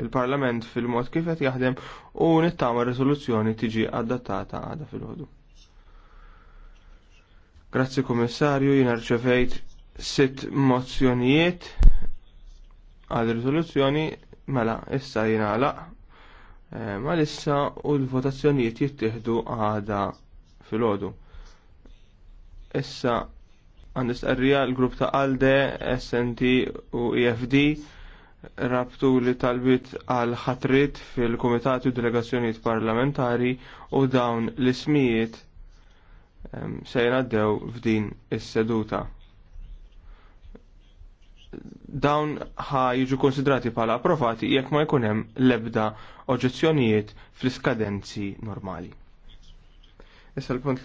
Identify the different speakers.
Speaker 1: il-Parlament fil-mod kif qed jaħdem u nittama riżoluzzjoni tiġi adattata għada fil-ħodu. Grazzi Kummissarju, jiena rċevejt sitt mozzjonijiet għal riżoluzzjoni mela issa jingħalaq eh, ma lissa u l-votazzjonijiet jittieħdu għada fil-ħodu. Issa għandis għarrija l-grupp ta' ALDE, SNT u EFD rabtu li talbit għal ħatrit fil-Kumitati u Delegazzjonijiet Parlamentari u dawn l-ismijiet se jnaddew f'din is-seduta. Dawn ħa jiġu konsidrati bħala approvati jekk ma jkun hemm l-ebda fl-iskadenzi normali.
Speaker 2: Issa l-punt